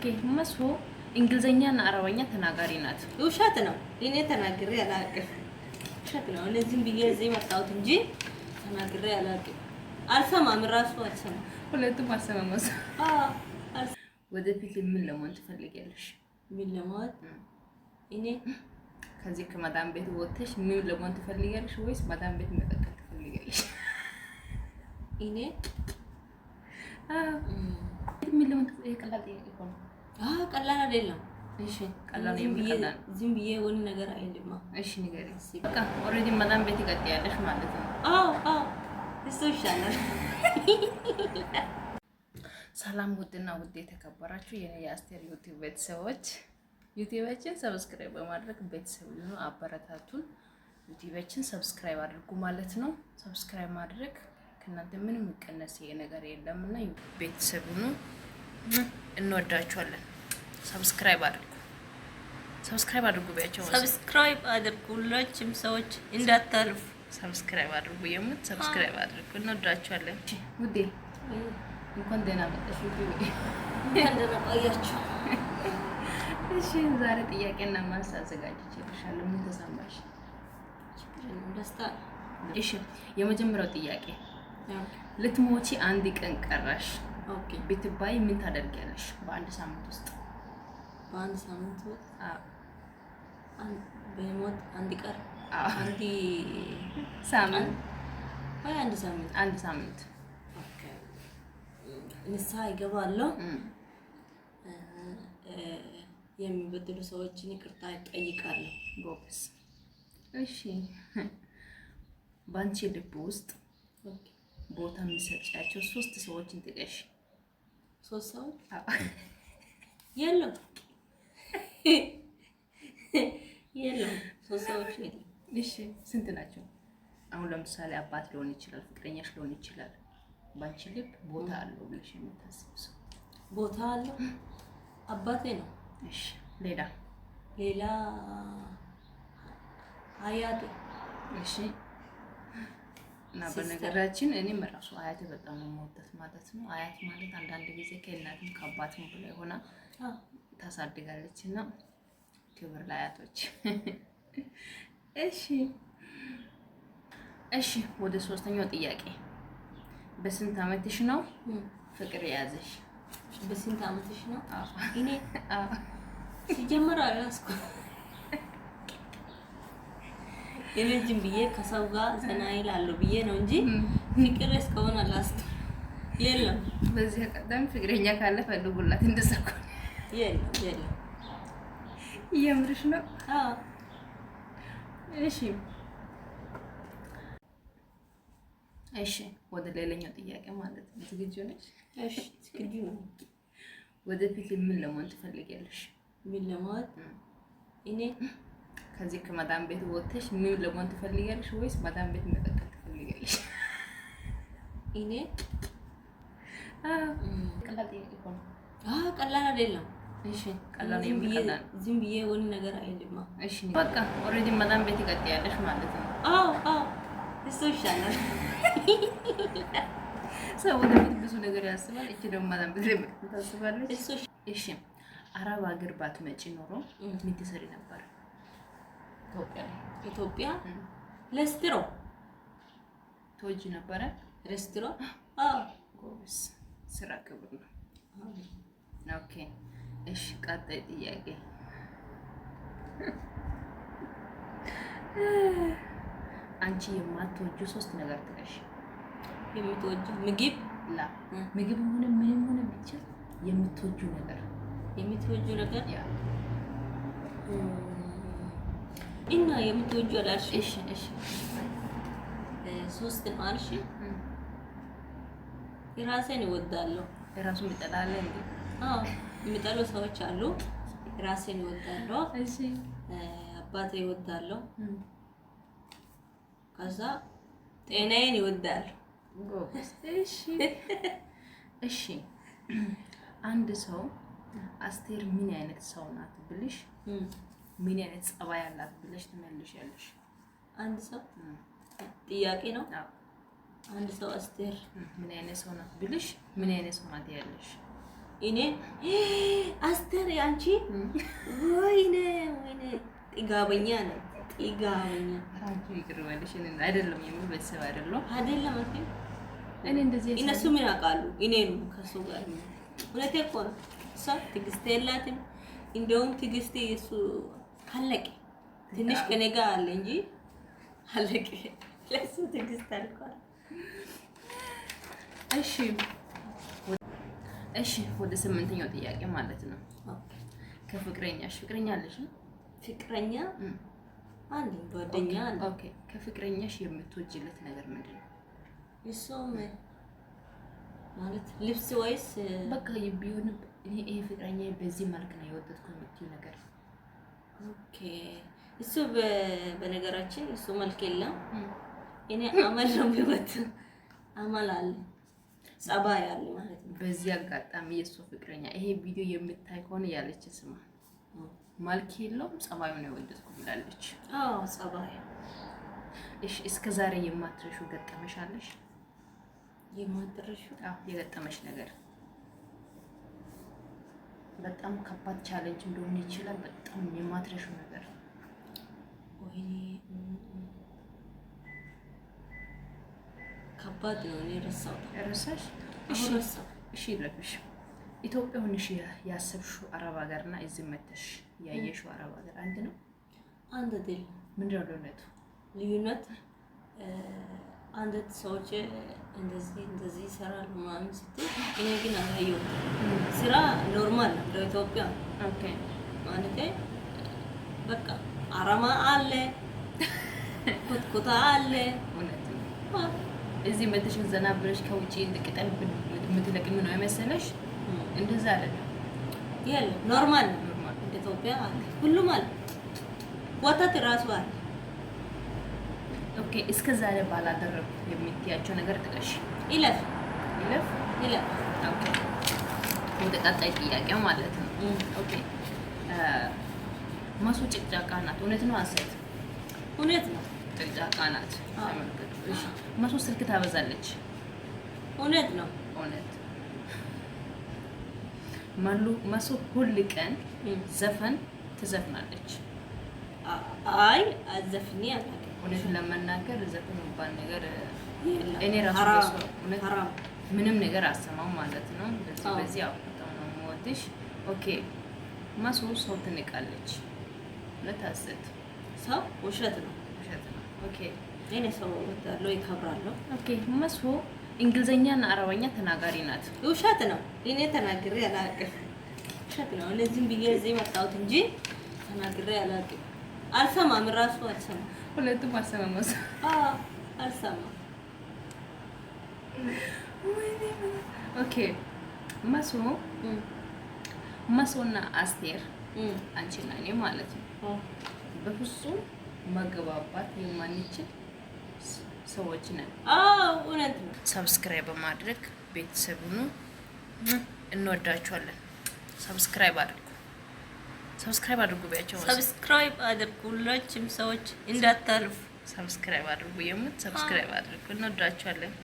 ኦኬ መስሆ እንግሊዘኛ እና አረበኛ ተናጋሪ ናት። ውሸት ነው። እኔ ተናግሬ አላውቅም። ውሸት ነው። እኔ ብዬ እዚህ መጣሁት እንጂ ተናግሬ አላውቅም። አልሰማም፣ ራሱ አልሰማም፣ ሁለቱም አልሰማም። ወደፊት ምን ለመሆን ትፈልጊያለሽ? ምን ለመሆን እኔ ከዚህ ከመዳም ቤት ወጥተሽ ምን ለመሆን ትፈልጊያለሽ? ወይስ መዳም ቤት መጠቀም ትፈልጊያለሽ? እኔ ምን ለመሆን ቀላል አይደለም። ዝም ብዬ የሆነ ነገር አይልማ። እሺ በቃ ኦልሬዲ ቤት ማለት ነው። አዎ እሱ ይሻላል። ሰላም ውድና ውድ የተከበራችሁ የአስቴር ዩቲዩብ ቤተሰቦች፣ ዩቲዩባችን ሰብስክራይብ በማድረግ ቤተሰብ ሆኑ፣ አበረታቱን። ዩቲዩባችን ሰብስክራይብ አድርጉ ማለት ነው። ሰብስክራይብ ማድረግ ከእናንተ ምንም የሚቀነስ ነገር የለምና ቤተሰብ ሆኑ። እንወዳችኋለን። ሰብስክራይብ አድርጉ፣ ሰብስክራይብ አድርጉ ቢያቸው፣ ሰብስክራይብ አድርጉ። ሁላችሁም ሰዎች እንዳታልፉ ሰብስክራይብ አድርጉ። የምት ሰብስክራይብ አድርጉ። እንወዳችኋለን። ውዴ እንኳን ደህና መጣሽ፣ እንኳን ደህና ቆያችሁ። እሺ ዛሬ ጥያቄና መልስ አዘጋጅቼልሻለሁ። ምን ተሰማሽ? ደስታ። እሺ የመጀመሪያው ጥያቄ ልትሞቺ አንድ ቀን ቀራሽ ኦኬ ብትባይ ምን ታደርጊያለሽ? በአንድ ሳምንት ውስጥ በአንድ ሳምንት ውስጥ በሞት አንድ ቀር አንድ ሳምንት ወይ አንድ ሳምንት አንድ ሳምንት ንስሐ ይገባለሁ። የሚበድሉ ሰዎችን ይቅርታ ይጠይቃለሁ። ጎበዝ። እሺ በአንቺ ልብ ውስጥ ቦታ የሚሰጫቸው ሶስት ሰዎችን ጥቀሽ። ሶስት ሰው የለም የለም፣ ሶስት ሰዎች የለም። እሺ ስንት ናቸው? አሁን ለምሳሌ አባት ሊሆን ይችላል፣ ፍቅረኛሽ ሊሆን ይችላል። ባንቺ ልብ ቦታ አለው ብለሽ የምታስብ ሰው ቦታ አለው አባቴ ነው። እሺ ሌላ ሌላ አያቴ እሺ እና በነገራችን እኔም ራሱ አያት በጣም መወደት ማለት ነው። አያት ማለት አንዳንድ ጊዜ ከእናትም ከአባትም ብላ የሆነ ታሳድጋለች እና ክብር ለአያቶች። እሺ እሺ፣ ወደ ሶስተኛው ጥያቄ በስንት አመትሽ ነው ፍቅር የያዘሽ? በስንት አመትሽ ነው? እኔ ሲጀምር አላስኩም የልጅም ብዬ ከሰው ጋር ዘና ይላለሁ ብዬ ነው እንጂ ፍቅር እስከሆነ አላስቱ የለም። በዚህ አጋጣሚ ፍቅረኛ ካለ ፈልጉላት። እንደሰኩ የለም የለም። የምርሽ ነው? እሺ እሺ። ወደ ሌላኛው ጥያቄ ማለት ነው። ዝግጁ ነች? ዝግጁ ነው። ወደፊት ምን ለመሆን ትፈልጊያለሽ? ምን ለመሆን እኔ ከዚህ ከመዳም ቤት ወጥተሽ ምን ለመሆን ትፈልጋለሽ? ወይስ መዳም ቤት መቀጠል ትፈልጋለሽ? እኔ ቀላል ጥያቄ እኮ ነው። አዎ ቀላል አይደለም። እሺ ቀላል የሚቀላል ዝም ብዬ ወን ነገር አይልማ። እሺ በቃ ኦልሬዲ መዳም ቤት ይቀጥያለሽ ማለት ነው። አዎ አዎ፣ እሱ ይሻላል። ሰው ወደፊት ብዙ ነገር ያስባል። እቺ ደግሞ መዳም ቤት ታስባለች። እሺ አረብ ሀገር ባትመጪ ኖሮ ምን ትሰሪ ነበር? ኢትዮጵያ ለስትሮ ተወጂ ነበረ። ለስትሮ ስራ ክብር ነው። ኦኬ እሺ፣ ቀጣይ ጥያቄ አንቺ የማትወጁ ሶስት ነገር ጥቀሽ። ምግብ ላ ምግብ ሆነ ምንም ሆነ ብቻ ነገር ነገር እና የምትወጂው አላልሽም? እሺ፣ እሺ፣ ሶስት ነው አልሽ። ራሴን እወዳለሁ። ራሱን ይጠላል የሚጠሉ ሰዎች አሉ። ራሴን እወዳለሁ። እሺ፣ አባቴ እወዳለሁ። ከዛ ጤናዬን እወዳለሁ። እሺ፣ እሺ። አንድ ሰው አስቴር ምን አይነት ሰው ናት ብልሽ ምን አይነት ጸባይ አላት ብለሽ ትመልሽ ያለሽ አንድ ሰው ጥያቄ ነው። አንድ ሰው አስቴር ምን አይነት ሰው ናት ብልሽ ምን አይነት ሰው ናት ያለሽ እኔ አስቴር አንቺ ወይኔ ወይኔ ጥጋበኛ ነው ጥጋበኛ ይቅርባለሽ። አይደለም የምር ቤተሰብ አይደለም አይደለም እኔ እንደዚህ እነሱ ምን ያውቃሉ? እኔ ነው ከሱ ጋር እውነቴ እኮ ነው። እሷ ትዕግስት የላትም። እንደውም ትዕግስት የሱ ካለቀ ትንሽ ከኔ ጋር አለ እንጂ አለቀ። ለሱ ትዕግስት አልቋል። እሺ እሺ፣ ወደ ስምንተኛው ጥያቄ ማለት ነው። ከፍቅረኛሽ ፍቅረኛ አለሽ? ፍቅረኛ አንድ ጓደኛ አለ። ኦኬ፣ ከፍቅረኛሽ የምትወጂለት ነገር ምንድን ነው? እሱም ማለት ልብስ ወይስ በቃ ቢሆንም ይሄ ፍቅረኛ በዚህ መልክ ነው የወደድኩት የምትይው ነገር ኦኬ። እሱ በነገራችን እሱ መልክ የለም። እኔ አመል ነው ቢወት አመል አለ ጸባይ አለ ማለት ነው። በዚህ አጋጣሚ የእሱ ፍቅረኛ ይሄ ቪዲዮ የምታይ ከሆነ ያለች ስማ፣ መልክ የለውም ጸባዩ ነው የወደድኩ ብላለች። አዎ ጸባይ። እሺ፣ እስከ ዛሬ የማትረሹ ገጠመሽ አለሽ? የማትረሹ አዎ፣ የገጠመሽ ነገር በጣም ከባድ ቻለንጅ እንደሆነ ይችላል። በጣም የማትረሹ ነገር ከባድ ነው። እኔ የረሳው ረሳሽ። እሺ ለብሽ ኢትዮጵያ ሆንሽ ያሰብሽው አረብ ሀገር እና እዚህ መተሽ ያየሽው አረብ ሀገር አንድ ነው አንድ ድል ምንድነው ልዩነቱ ልዩነት አንዳንድ ሰዎች እንደዚህ እንደዚህ ይሰራሉ ምናምን ስትል፣ እኔ ግን አላየሁም። ስራ ኖርማል ነው ለኢትዮጵያ ማለት በቃ አረማ አለ፣ ኩትኩታ አለ። እዚህ መተሽን ዘና ብለሽ ከውጭ ልቅጠል የምትለቅም ነው የመሰለሽ። እንደዛ አለ የለም ኖርማል ነው ኢትዮጵያ አለ፣ ሁሉም አለ፣ ወተት ራሱ አለ ኦኬ እስከ ዛሬ ባላደረግኩ የምትያቸው ነገር ጥቀሽ። ይለፍ ይለፍ ይለፍ። ኦኬ ወደ ቀጣይ ጥያቄ ማለት ነው። ኦኬ መሱ ጭቅጫቃ ናት። እውነት ነው አንሰት፣ እውነት ነው ጭቅጫቃ ናት። እሺ መሱ ስልክ ታበዛለች። እውነት ነው እውነት። መሉ መሱ ሁል ቀን ዘፈን ትዘፍናለች። አይ አዘፍኒ አላ እውነቱን ለመናገር ዘፈን የሚባል ነገር እኔ ራሱ ምንም ነገር አሰማው ማለት ነው። በዚህ በዚህ ነው የምወድሽ። ኦኬ ማሱ ሰው ትንቃለች። ሁለት ሀሰት ሰው ውሸት ነው ውሸት ነው። ኦኬ እኔ ሰው ወዳለው ይከብራለሁ። ኦኬ ማሱ እንግሊዘኛ እና አረበኛ ተናጋሪ ናት። ውሸት ነው። እኔ ተናግሬ አላውቅም። ውሸት ነው። እኔ ዝም ብዬ እዚህ መጣሁት እንጂ ተናግሬ አላውቅም። አልሰማም ራሱ አልሰማም ሁለቱም አሰማማ አሰማ። ኦኬ መሶ መሶና አስቴር አንቺና እኔ ማለት ነው በፍጹም መግባባት የማንችል ሰዎች ነን። እውነት ነው። ሰብስክራይብ በማድረግ ቤተሰቡን እንወዳችኋለን። ሰብስክራይብ አድርጉ። ሰብስክራይብ አድርጉ ብያቸው፣ ሰብስክራይብ አድርጉ። ሁላችሁም ሰዎች እንዳታልፉ ሰብስክራይብ አድርጉ። የምት ሰብስክራይብ አድርጉ። እንወዳችኋለን።